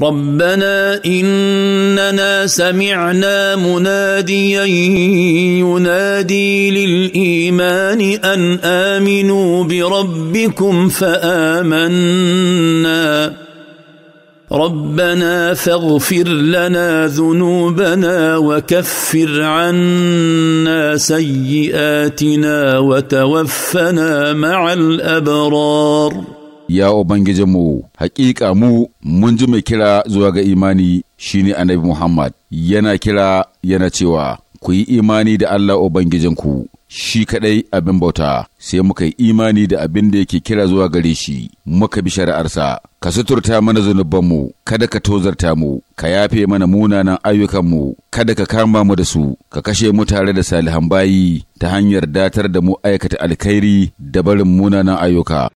ربنا اننا سمعنا مناديا ينادي للايمان ان امنوا بربكم فامنا ربنا فاغفر لنا ذنوبنا وكفر عنا سيئاتنا وتوفنا مع الابرار Ya Ubangijinmu, hakika mu mun ji mai kira zuwa ga imani shine Annabi Muhammad, yana kira yana cewa, Ku yi imani da Allah ku. shi kaɗai abin bauta, sai muka yi imani da abin da yake kira zuwa gare shi, muka bi shari'arsa, ka suturta mana zunubanmu, kada ka tozarta mu, ka yafe mana munanan ayyukanmu, kada ka kama mu da su, ka kashe mu tare da salihan bayi ta hanyar datar da mu aikata alkhairi da barin munanan ayyuka.